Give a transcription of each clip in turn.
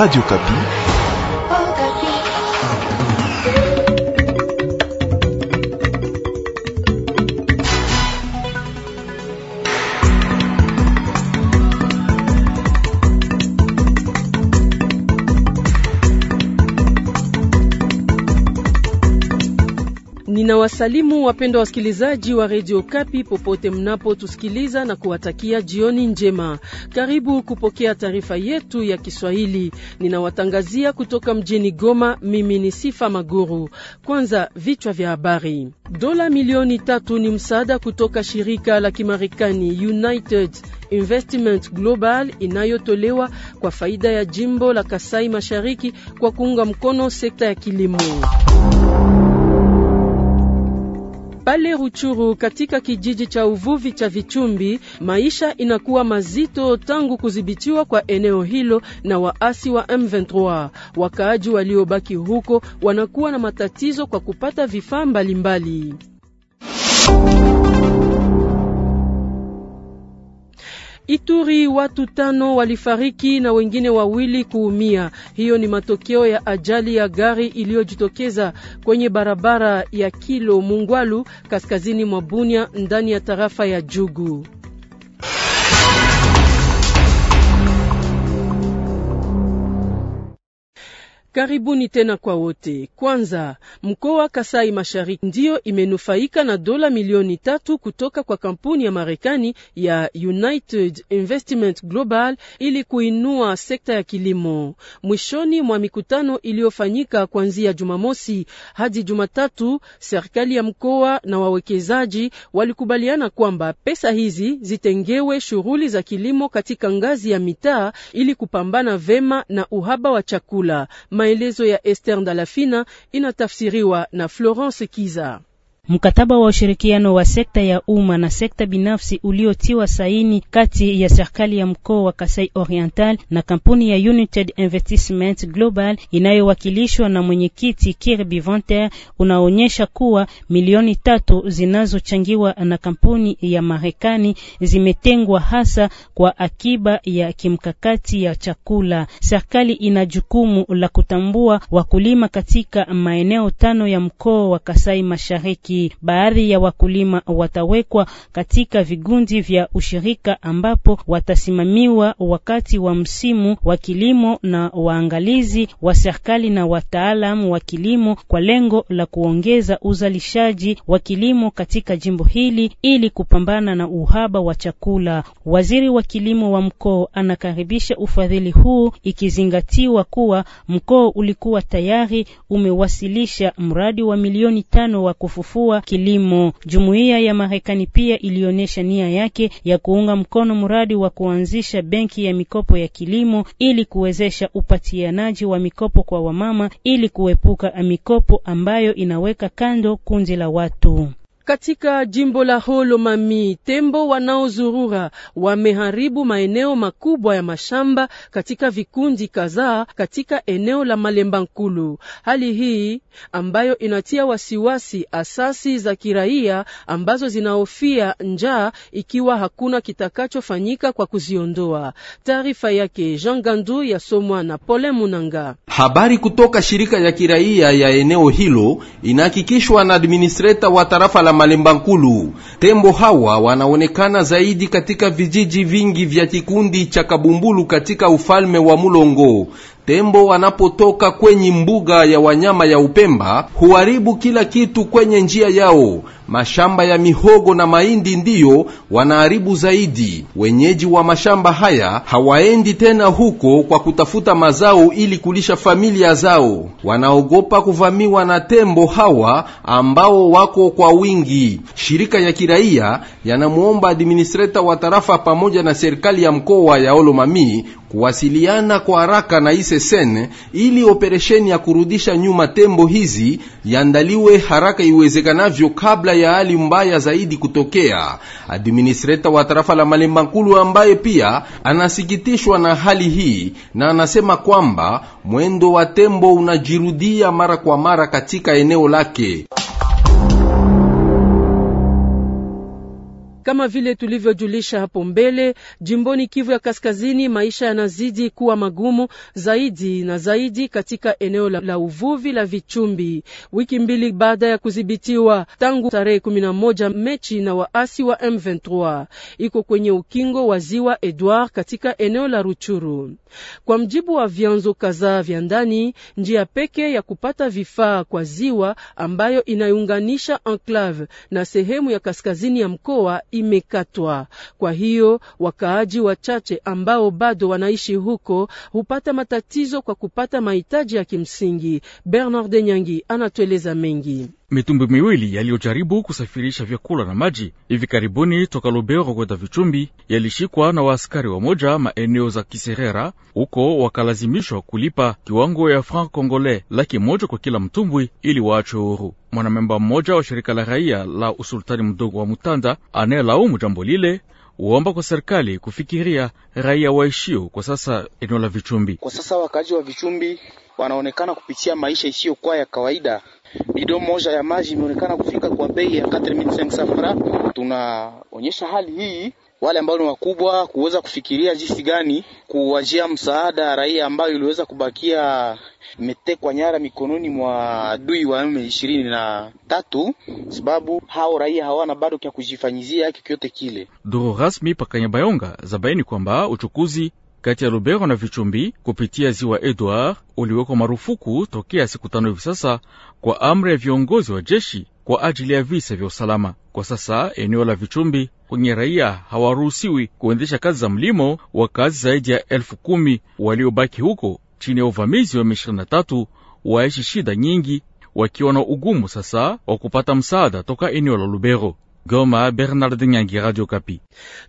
Radio Kapi. Ninawasalimu wapendwa wasikilizaji wa redio Kapi popote mnapotusikiliza na kuwatakia jioni njema. Karibu kupokea taarifa yetu ya Kiswahili. Ninawatangazia kutoka mjini Goma. Mimi ni Sifa Maguru. Kwanza, vichwa vya habari. Dola milioni tatu ni msaada kutoka shirika la Kimarekani United Investment Global inayotolewa kwa faida ya jimbo la Kasai Mashariki kwa kuunga mkono sekta ya kilimo. pale Ruchuru katika kijiji cha uvuvi cha Vichumbi, maisha inakuwa mazito tangu kudhibitiwa kwa eneo hilo na waasi wa M23. Wakaaji waliobaki huko wanakuwa na matatizo kwa kupata vifaa mbalimbali. Ituri watu tano walifariki na wengine wawili kuumia. Hiyo ni matokeo ya ajali ya gari iliyojitokeza kwenye barabara ya Kilo Mungwalu kaskazini mwa Bunia ndani ya tarafa ya Jugu. Karibuni tena kwa wote. Kwanza, mkoa Kasai Mashariki ndiyo imenufaika na dola milioni tatu kutoka kwa kampuni ya Marekani ya United Investment Global ili kuinua sekta ya kilimo. Mwishoni mwa mikutano iliyofanyika kuanzia Jumamosi hadi Jumatatu, serikali ya mkoa na wawekezaji walikubaliana kwamba pesa hizi zitengewe shughuli za kilimo katika ngazi ya mitaa ili kupambana vema na uhaba wa chakula. Maelezo ya Esther Ndalafina inatafsiriwa na Florence Kiza. Mkataba wa ushirikiano wa sekta ya umma na sekta binafsi uliotiwa saini kati ya serikali ya mkoa wa Kasai Oriental na kampuni ya United Investment Global inayowakilishwa na mwenyekiti Kirby Venter unaonyesha kuwa milioni tatu zinazochangiwa na kampuni ya Marekani zimetengwa hasa kwa akiba ya kimkakati ya chakula. Serikali ina jukumu la kutambua wakulima katika maeneo tano ya mkoa wa Kasai Mashariki. Baadhi ya wakulima watawekwa katika vigundi vya ushirika ambapo watasimamiwa wakati wa msimu wa kilimo na waangalizi wa serikali na wataalamu wa kilimo kwa lengo la kuongeza uzalishaji wa kilimo katika jimbo hili ili kupambana na uhaba wa chakula. Waziri wa kilimo wa mkoa anakaribisha ufadhili huu ikizingatiwa kuwa mkoa ulikuwa tayari umewasilisha mradi wa milioni tano wa kufufua kufufua kilimo. Jumuiya ya Marekani pia ilionyesha nia yake ya kuunga mkono mradi wa kuanzisha benki ya mikopo ya kilimo ili kuwezesha upatianaji wa mikopo kwa wamama ili kuepuka mikopo ambayo inaweka kando kundi la watu. Katika jimbo la Holomami tembo wanaozurura wameharibu maeneo makubwa ya mashamba katika vikundi kadhaa katika eneo la Malemba Nkulu. Hali hii ambayo inatia wasiwasi asasi za kiraia ambazo zinahofia njaa ikiwa hakuna kitakachofanyika kwa kuziondoa. Taarifa yake Jean Gandu yasomwa na Pole Munanga. Habari kutoka shirika ya kiraia ya eneo hilo inahakikishwa na administrator wa tarafa la la Malemba Nkulu. Tembo hawa wanaonekana zaidi katika vijiji vingi vya kikundi cha Kabumbulu katika ufalme wa Mulongo. Tembo wanapotoka kwenye mbuga ya wanyama ya Upemba huharibu kila kitu kwenye njia yao. Mashamba ya mihogo na mahindi ndiyo wanaharibu zaidi. Wenyeji wa mashamba haya hawaendi tena huko kwa kutafuta mazao ili kulisha familia zao. Wanaogopa kuvamiwa na tembo hawa ambao wako kwa wingi. Shirika ya kiraia yanamwomba administrator wa tarafa pamoja na serikali ya mkoa ya Olomami kuwasiliana kwa haraka na isesene ili operesheni ya kurudisha nyuma tembo hizi yandaliwe haraka iwezekanavyo kabla ya hali mbaya zaidi kutokea. Administrator wa tarafa la Malemba Nkulu, ambaye pia anasikitishwa na hali hii, na anasema kwamba mwendo wa tembo unajirudia mara kwa mara katika eneo lake. Kama vile tulivyojulisha hapo mbele, jimboni Kivu ya Kaskazini, maisha yanazidi kuwa magumu zaidi na zaidi katika eneo la, la uvuvi la Vichumbi, wiki mbili baada ya kudhibitiwa tangu tarehe 11 Mechi na waasi wa M23 iko kwenye ukingo wa ziwa Edward katika eneo la Ruchuru. Kwa mjibu wa vyanzo kadhaa vya ndani, njia pekee ya kupata vifaa kwa ziwa ambayo inaiunganisha enclave na sehemu ya kaskazini ya mkoa imekatwa. Kwa hiyo wakaaji wachache ambao bado wanaishi huko hupata matatizo kwa kupata mahitaji ya kimsingi. Bernard Nyangi anatueleza mengi mitumbwi miwili yaliyojaribu kusafirisha vyakula na maji hivi karibuni toka Lubero kwenda Vichumbi yalishikwa na waaskari wamoja maeneo za Kiserera. Huko wakalazimishwa kulipa kiwango ya franc congolais laki moja kwa kila mtumbwi ili waachwe huru. Mwanamemba mmoja wa shirika la raia la usultani mdogo wa Mutanda anayelaumu jambo lile uomba kwa serikali kufikiria raia waishio kwa sasa eneo la Vichumbi. Kwa sasa wakaaji wa Vichumbi wanaonekana kupitia maisha isiyokuwa ya kawaida lido moja ya maji imeonekana kufika kwa bei ya 4500 francs. Tunaonyesha hali hii wale ambao ni wakubwa kuweza kufikiria jinsi gani kuwajia msaada raia ambayo iliweza kubakia imetekwa nyara mikononi mwa adui wa M23 na tatu, sababu hao raia hawana bado kya kujifanyizia kikyote kile. Duru rasmi pakanya bayonga zabaini kwamba uchukuzi kati ya Lubero na Vichumbi kupitia ziwa Edward uliwekwa marufuku tokea siku tano hivi sasa kwa amri ya viongozi wa jeshi kwa ajili ya visa vya usalama. Kwa sasa eneo la Vichumbi kwenye raia hawaruhusiwi kuendesha kazi za mlimo wa kazi zaidi ya elfu kumi waliobaki huko chini ya uvamizi wa M23 waishi shida nyingi, wakiwa na ugumu sasa wa kupata msaada toka eneo la Lubero. Goma, Bernard Nyangi, Radio Kapi.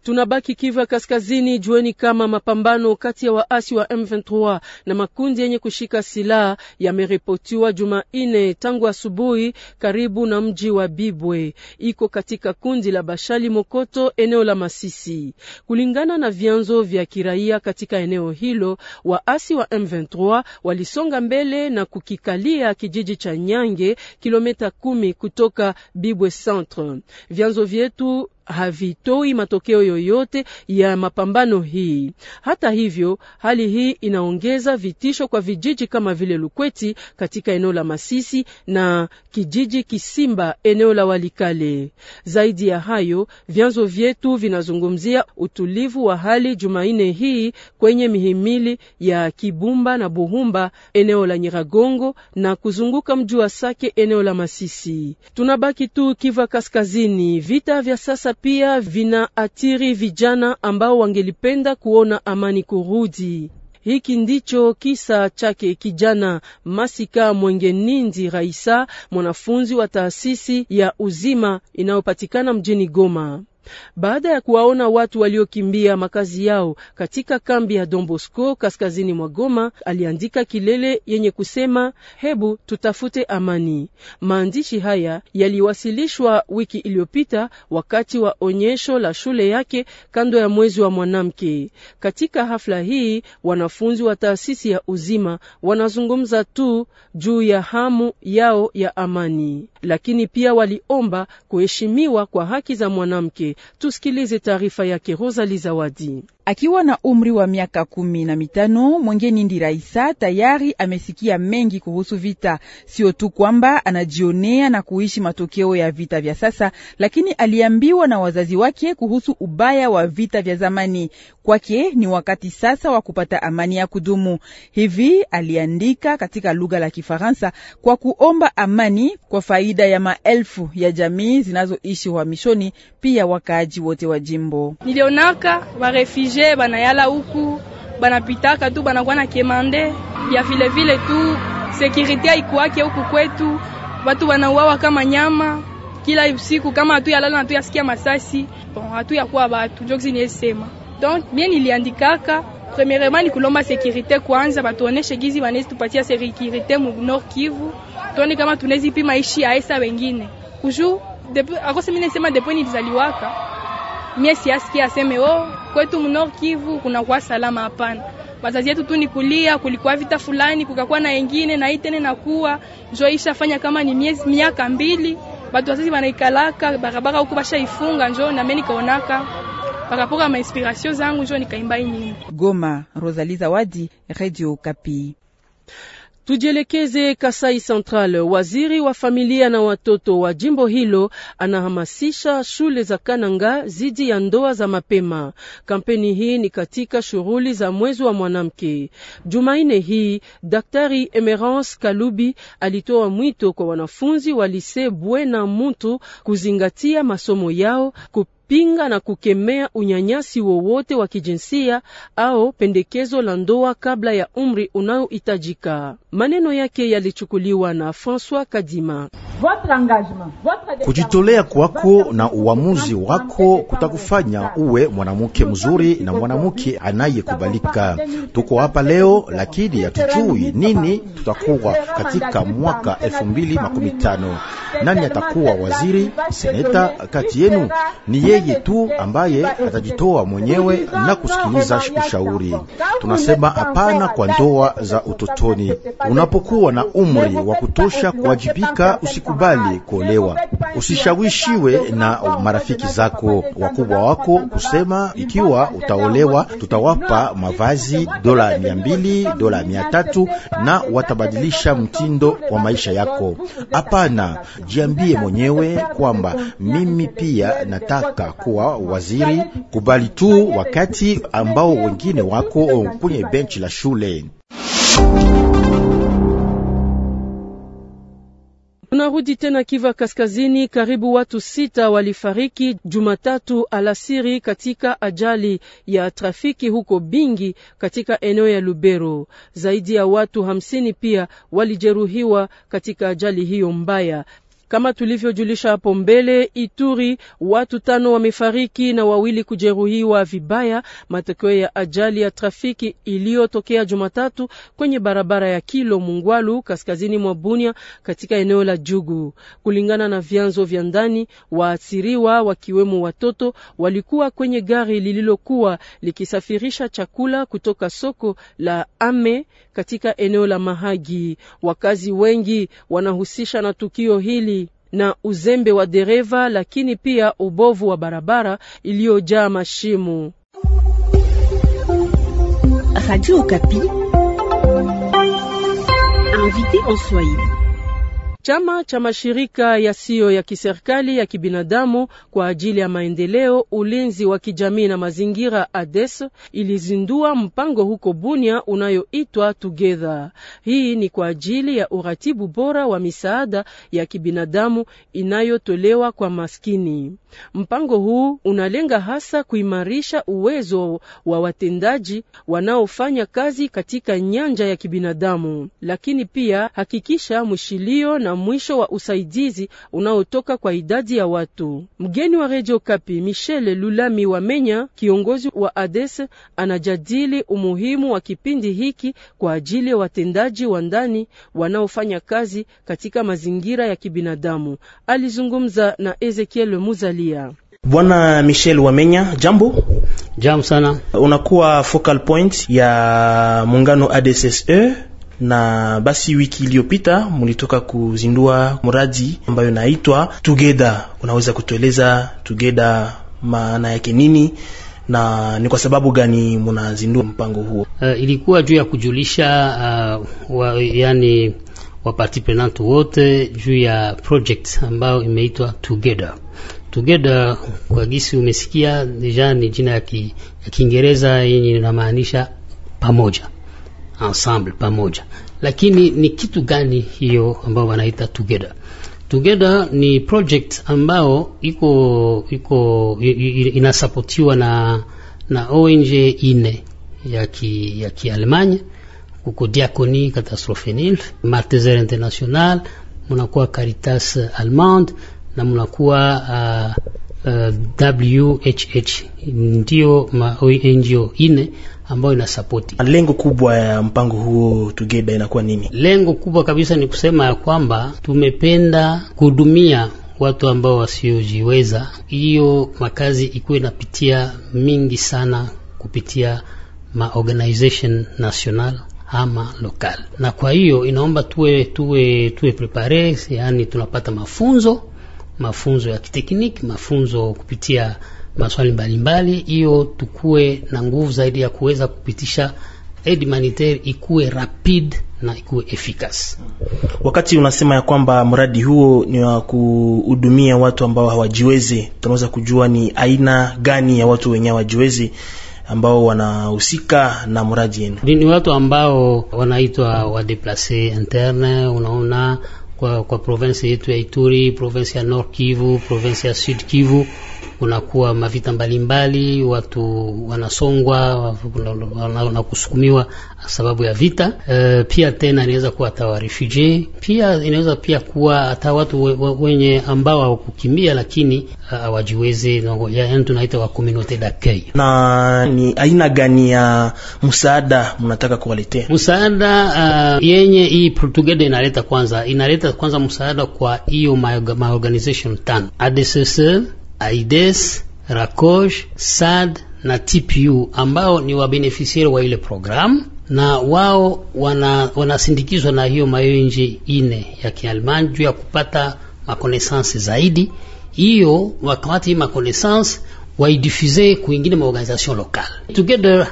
Tunabaki Kiva Kaskazini, jueni kama mapambano kati ya waasi wa M23 na makundi yenye kushika silaha yameripotiwa juma ine tangu asubuhi karibu na mji wa Bibwe, iko katika kundi la Bashali Mokoto, eneo la Masisi. Kulingana na vyanzo vya kiraia katika eneo hilo, waasi wa M23 walisonga mbele na kukikalia kijiji cha Nyange, kilomita kumi kutoka Bibwe centre vyanzo vyetu havitoi matokeo yoyote ya mapambano hii. Hata hivyo, hali hii inaongeza vitisho kwa vijiji kama vile Lukweti katika eneo la Masisi na kijiji Kisimba eneo la Walikale. Zaidi ya hayo, vyanzo vyetu vinazungumzia utulivu wa hali Jumanne hii kwenye mihimili ya Kibumba na Buhumba eneo la Nyiragongo na kuzunguka mji wa Sake eneo la Masisi. Tunabaki tu Kiva Kaskazini, vita vya sasa sasa pia vinaathiri vijana ambao wangelipenda kuona amani kurudi. Hiki ndicho kisa chake kijana Masika Mwenge Nindi Raisa, mwanafunzi wa taasisi ya Uzima inayopatikana mjini Goma. Baada ya kuwaona watu waliokimbia makazi yao katika kambi ya Dombosco kaskazini mwa Goma, aliandika kilele yenye kusema hebu tutafute amani. Maandishi haya yaliwasilishwa wiki iliyopita wakati wa onyesho la shule yake kando ya mwezi wa mwanamke. Katika hafla hii, wanafunzi wa taasisi ya Uzima wanazungumza tu juu ya hamu yao ya amani lakini pia waliomba kuheshimiwa kwa haki za mwanamke. Tusikilize taarifa yake Rosali Zawadi. Akiwa na umri wa miaka kumi na mitano ndi Raisa tayari amesikia mengi kuhusu vita. Sio tu kwamba anajionea na kuishi matokeo ya vita vya sasa, lakini aliambiwa na wazazi wake kuhusu ubaya wa vita vya zamani. Kwake ni wakati sasa wa kupata amani ya kudumu. Hivi aliandika katika lugha la Kifaransa kwa kuomba amani kwa faida ya maelfu ya jamii zinazoishi uhamishoni, pia wakaaji wote wa jimbo warefi oblige banayala huku banapitaka tu banakuwa na kemande ya vilevile tu sekurite haikuwake huku kwetu, watu wanauawa kama nyama kila usiku, kama hatu yalala na tu yasikia masasi bon, hatu yakuwa batu joksi niesema. Donc mie niliandikaka premierement ni kulomba sekurite kwanza, batuoneshe gizi wanezi tupatia sekurite mu Nord Kivu, tuone kama tunezi pima ishi aesa wengine kuju akose mine sema depuis nilizaliwaka mie siaski aseme oh, kwetu mnor Kivu kunakuwa salama. Hapana, wazazi yetu tu ni kulia, kulikuwa vita fulani, kukakuwa na wengine na itene kuwa njo ishafanya kama ni miezi miaka mbili, batu wazazi wanaikalaka barabara huko ifunga njo mimi nikaonaka pakapoka inspiration zangu njo nikaimba nyimbo. Goma, Rosaliza Wadi, Radio Kapi. Tujielekeze Kasai Central. Waziri wa familia na watoto wa jimbo hilo anahamasisha shule za Kananga zidi ya ndoa za mapema. Kampeni hii ni katika shughuli za mwezi wa mwanamke. Jumaine hii Daktari Emerance Kalubi alitoa mwito kwa wanafunzi wa lise Bwena mutu kuzingatia masomo yao kupi kupinga na kukemea unyanyasi wowote wa kijinsia au pendekezo la ndoa kabla ya umri unaohitajika. Maneno yake yalichukuliwa na François Kadima. Kujitolea kwako na uamuzi wako kutakufanya uwe mwanamke mzuri na mwanamke anayekubalika. Tuko hapa leo, lakini hatujui nini tutakuwa katika mwaka elfu mbili makumi tano. Nani atakuwa waziri seneta kati yenu? Ni yeye yeye tu ambaye atajitoa mwenyewe na kusikiliza ushauri. Tunasema hapana kwa ndoa za utotoni. Unapokuwa na umri wa kutosha kuwajibika, usikubali kuolewa. Usishawishiwe na marafiki zako wakubwa wako kusema ikiwa utaolewa tutawapa mavazi dola mia mbili dola mia tatu na watabadilisha mtindo wa maisha yako. Hapana, jiambie mwenyewe kwamba mimi pia nataka kuwa waziri kubali tu wakati ambao wengine wako kwenye benchi la shule. Tunarudi tena Kiva Kaskazini. Karibu watu sita walifariki Jumatatu alasiri katika ajali ya trafiki huko Bingi katika eneo ya Lubero. Zaidi ya watu hamsini pia walijeruhiwa katika ajali hiyo mbaya. Kama tulivyojulisha hapo mbele, Ituri watu tano wamefariki na wawili kujeruhiwa vibaya, matokeo ya ajali ya trafiki iliyotokea Jumatatu kwenye barabara ya Kilo Mungwalu kaskazini mwa Bunia katika eneo la Jugu. Kulingana na vyanzo vya ndani, waathiriwa wakiwemo watoto walikuwa kwenye gari lililokuwa likisafirisha chakula kutoka soko la Ame katika eneo la Mahagi. Wakazi wengi wanahusisha na tukio hili na uzembe wa dereva, lakini pia ubovu wa barabara iliyojaa mashimo. Radio Okapi, invité en Swahili. Chama cha mashirika yasiyo ya kiserikali ya kibinadamu kwa ajili ya maendeleo, ulinzi wa kijamii na mazingira ADES ilizindua mpango huko Bunia unayoitwa Together. Hii ni kwa ajili ya uratibu bora wa misaada ya kibinadamu inayotolewa kwa maskini. Mpango huu unalenga hasa kuimarisha uwezo wa watendaji wanaofanya kazi katika nyanja ya kibinadamu, lakini pia hakikisha mwishilio na na mwisho wa usaidizi unaotoka kwa idadi ya watu. Mgeni wa Radio Kapi Michel Lulami Wamenya, kiongozi wa ADES, anajadili umuhimu wa kipindi hiki kwa ajili ya watendaji wa ndani wanaofanya kazi katika mazingira ya kibinadamu. Alizungumza na Ezekiel Muzalia. Bwana Michel Wamenya, jambo. Jambo sana. Unakuwa focal point ya muungano ADSSE na basi, wiki iliyopita mulitoka kuzindua mradi ambayo naitwa Together. Unaweza kutueleza Together maana yake nini na ni kwa sababu gani munazindua mpango huo? Uh, ilikuwa juu ya kujulisha uh, wa, yani wapati wote juu ya project ambayo imeitwa Together. Together kwa gisi umesikia deja, ni jina ya Kiingereza yenye inamaanisha pamoja ensemble pamoja. Lakini ni kitu gani hiyo ambao wanaita together? Together ni project ambao iko iko inasapotiwa na na ONG ine ya ki ya Alemanya kuko Diakoni nil Malteser International, munakuwa Caritas Allemande na munakuwa uh, uh, WHH, ndio ma ONG ine ambayo inasapoti. Lengo kubwa ya mpango huo Together inakuwa nini? Lengo kubwa kabisa ni kusema ya kwamba tumependa kuhudumia watu ambao wasiojiweza. Hiyo makazi ikuwa inapitia mingi sana kupitia ma organization national ama local, na kwa hiyo inaomba tuwe tuwe tuwe prepare, yani tunapata mafunzo mafunzo ya kitekniki, mafunzo kupitia maswali mbalimbali, hiyo tukue na nguvu zaidi ya kuweza kupitisha aid humanitaire ikuwe rapid na ikuwe efficace. Wakati unasema ya kwamba mradi huo ni wa kuhudumia watu ambao hawajiwezi, tunaweza kujua ni aina gani ya watu wenye hawajiwezi ambao wanahusika na mradi yenu? Ni watu ambao wanaitwa wadeplace interne, unaona kwa, kwa provensi yetu ya Ituri, provensi ya North Kivu, provensi ya Sud Kivu kunakuwa mavita mbalimbali mbali, watu wanasongwa wanakusukumiwa sababu ya vita e, pia tena inaweza kuwa hata refugee, pia inaweza pia kuwa hata watu wenye ambao hawakukimbia lakini eh, hawajiwezi, yaani tunaita wa community d'accueil. Na ni aina gani ya msaada mnataka kuwaletea? Msaada uh, yenye hii Portugal inaleta kwanza, inaleta kwanza msaada kwa hiyo ma organization tano ADCC, e, AIDS, e RACOJ, SAD na TPU ambao ni wabenefisieri wa ile programu na wao wanasindikizwa wana na hiyo mayonje ine ya Kialemani juu ya kupata makonesansi zaidi. Hiyo wakamata hii makonesansi waidifize kuingine maorganization lokal together.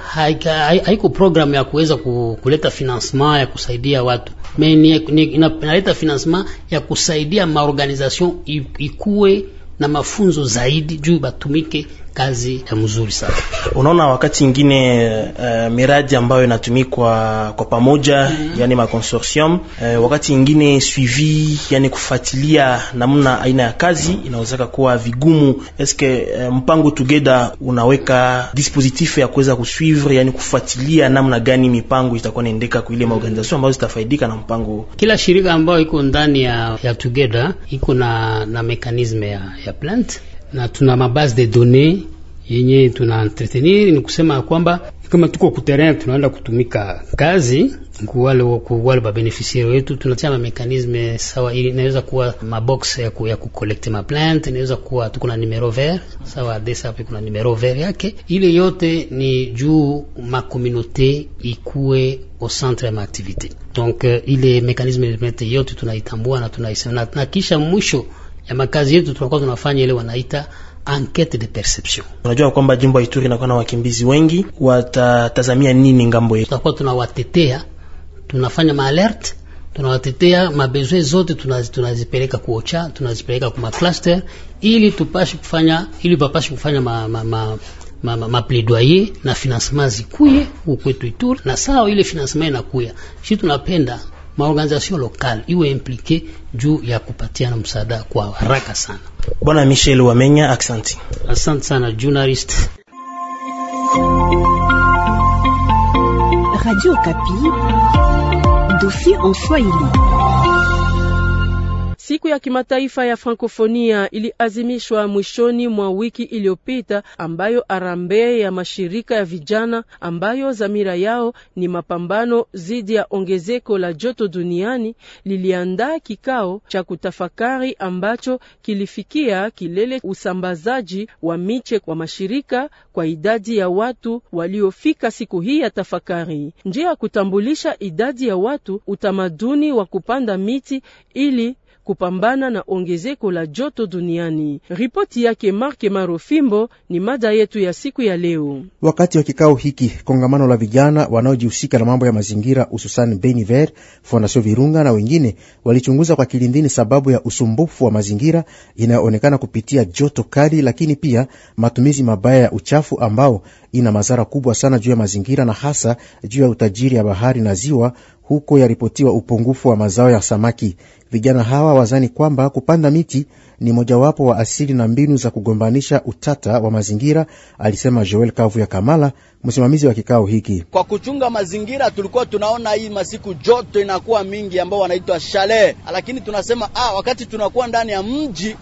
Haiko programu ya kuweza kuleta financement ya kusaidia watu me inaleta financement ya kusaidia maorganization ikuwe na mafunzo zaidi juu batumike kazi ya mzuri sana. Unaona, wakati ingine uh, miradi ambayo inatumikwa kwa pamoja mm -hmm. yani ma consortium uh, eh, wakati ingine suivi, yani kufuatilia namna aina ya kazi inawezeka kuwa vigumu. Eske uh, mpango together unaweka dispositif ya kuweza kusuivre, yani kufuatilia namna gani mipango itakuwa naendeka kwa ile mm -hmm. maorganization ambazo zitafaidika na mpango. Kila shirika ambayo iko ndani ya, ya together iko na, na mekanisme ya, ya plant na tuna mabase de donne yenye tuna entretenir. Ni kusema kwamba kama tuko kuterrain, tunaenda kutumika kazi kuwale kuwale ba beneficiary wetu, tunatia mekanisme sawa, ili inaweza kuwa mabox ya ku, ya ku collect ma plant, inaweza kuwa tuko na numero vert sawa, desa pe kuna numero vert yake. Ile yote ni juu ma communauté ikue au centre ya activité, Donc euh, ile mekanisme yote tunaitambua na tunaisema na kisha mwisho ya makazi yetu tunakuwa tunafanya ile wanaita enquete de perception. Unajua kwamba jimbo ya Ituri inakuwa na wakimbizi wengi, watatazamia nini ngambo yetu? Tunakuwa tunawatetea, tunafanya maalerte, tunawatetea mabezwe zote tunazipeleka kuocha, tunazipeleka kwa cluster ili tupashe kufanya ili papashe kufanya ma, ma, ma, ma, ma, ma plaidoyer na financement zikuye huko kwetu Ituri, na sawa ile financement inakuya, sisi tunapenda maorganizasyon lokal iwe implike juu ya kupatiana msaada kwa haraka sana. Bwana Michel Wamenya, asante. Asante sana journalist. Radio Kapi, dofi en Swahili. Siku ya kimataifa ya Frankofonia iliazimishwa mwishoni mwa wiki iliyopita, ambayo arambee ya mashirika ya vijana ambayo dhamira yao ni mapambano dhidi ya ongezeko la joto duniani liliandaa kikao cha kutafakari ambacho kilifikia kilele usambazaji wa miche kwa mashirika kwa idadi ya watu waliofika siku hii ya tafakari, njia ya kutambulisha idadi ya watu, utamaduni wa kupanda miti ili kupambana na ongezeko la joto duniani. Ripoti yake Mark Marofimbo ni mada yetu ya siku ya leo. Wakati wa kikao hiki kongamano la vijana wanaojihusika na mambo ya mazingira hususani Beniver, Fondation Virunga na wengine walichunguza kwa kilindini sababu ya usumbufu wa mazingira inayoonekana kupitia joto kali, lakini pia matumizi mabaya ya uchafu ambao ina madhara kubwa sana juu ya mazingira na hasa juu ya utajiri ya bahari na ziwa huko yaripotiwa upungufu wa mazao ya samaki. Vijana hawa wazani kwamba kupanda miti ni mojawapo wa asili na mbinu za kugombanisha utata wa mazingira, alisema Joel Kavu ya Kamala, msimamizi wa kikao hiki. Kwa kuchunga mazingira, tulikuwa tunaona hii masiku joto inakuwa mingi, ambao wanaitwa shale, lakini tunasema ah, wakati tunakuwa ndani ya mji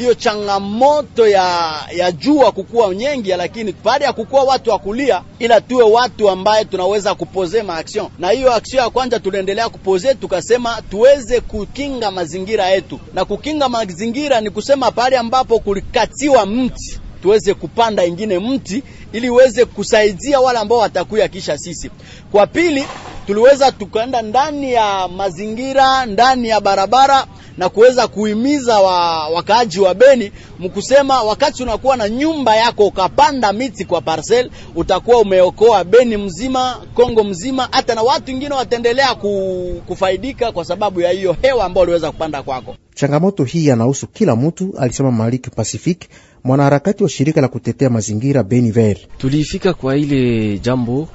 hiyo changamoto ya, ya jua kukua nyengi, lakini baada ya kukuwa watu wa kulia, ila tuwe watu ambaye tunaweza kupoze maaction, na hiyo aksio ya kwanza tunaendelea kupoze, tukasema tuweze kukinga mazingira yetu, na kukinga mazingira ni kusema pale ambapo kulikatiwa mti tuweze kupanda ingine mti ili uweze kusaidia wale ambao watakuya kisha sisi. Kwa pili, tuliweza tukaenda ndani ya mazingira, ndani ya barabara na kuweza kuhimiza wa, wakaaji wa Beni mkusema, wakati unakuwa na nyumba yako ukapanda miti kwa parcel, utakuwa umeokoa Beni mzima, Kongo mzima, hata na watu wengine wataendelea kufaidika kwa sababu ya hiyo hewa ambayo uliweza kupanda kwako. Changamoto hii yanahusu kila mtu, alisema Malik Pacific, mwanaharakati wa shirika la kutetea mazingira Beni Vert. Tulifika kwa ile jambo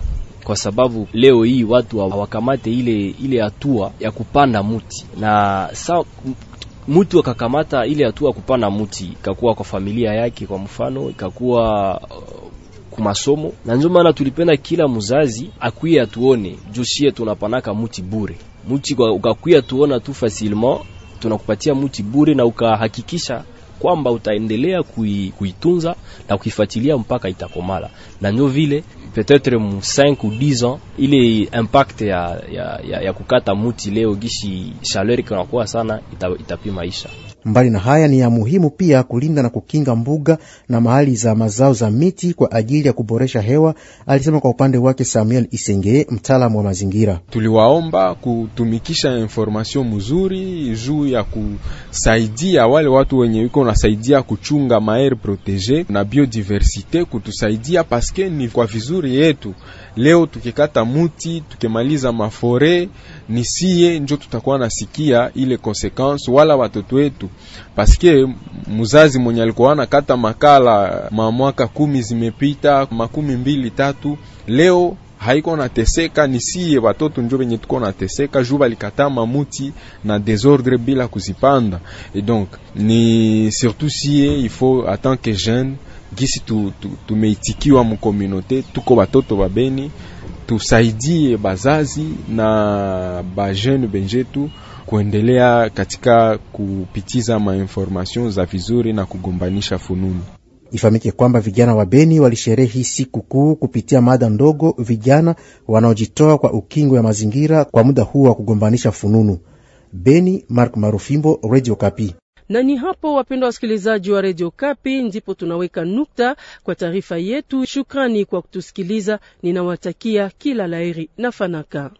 kwa sababu leo hii watu hawakamate ile ile hatua ya kupanda muti na sa mtu akakamata ile hatua ya kupanda muti, ikakuwa kwa familia yake, kwa mfano ikakuwa uh, kumasomo na ndio maana tulipenda kila mzazi akuye atuone josie, tunapanaka muti bure. Muti ukakuya tuona tu facilement, tunakupatia muti bure na ukahakikisha kwamba utaendelea kui, kuitunza na kuifuatilia mpaka itakomala, na ndio vile peut-être mu 5 ou 10 ans ile impact ya, ya, ya, ya kukata muti leo gishi chaleur ikinakuwa sana ita, maisha Mbali na haya, ni ya muhimu pia kulinda na kukinga mbuga na mahali za mazao za miti kwa ajili ya kuboresha hewa, alisema kwa upande wake Samuel Isenge, mtaalamu wa mazingira. Tuliwaomba kutumikisha informasio mzuri juu ya kusaidia wale watu wenye wiko unasaidia kuchunga maere protege na biodiversite, kutusaidia paske ni kwa vizuri yetu Leo tukikata muti tukimaliza mafore, ni siye njo tutakuwa nasikia ile konsekansi, wala watoto wetu, paske muzazi mwenye alikuwa nakata makala mamwaka mwaka kumi zimepita makumi mbili tatu leo haiko nateseka, ni siye watoto njo venye tuko nateseka juu balikataa mamuti na desordre bila kuzipanda. Et donc ni surtout siye ifo atant que jeune gisi tumeitikiwa tu, tu mukomunote tuko batoto wabeni tusaidie bazazi na bajeune benjetu kuendelea katika kupitiza mainformation za vizuri na kugombanisha fununu. Ifahamike kwamba vijana wa Beni walisherehi siku kuu kupitia mada ndogo, vijana wanaojitoa kwa ukingo ya mazingira kwa muda huu wa kugombanisha fununu. Beni, Mark Marufimbo, Radio Kapi na ni hapo wapendwa wasikilizaji wa redio Kapi, ndipo tunaweka nukta kwa taarifa yetu. Shukrani kwa kutusikiliza, ninawatakia kila laheri na fanaka.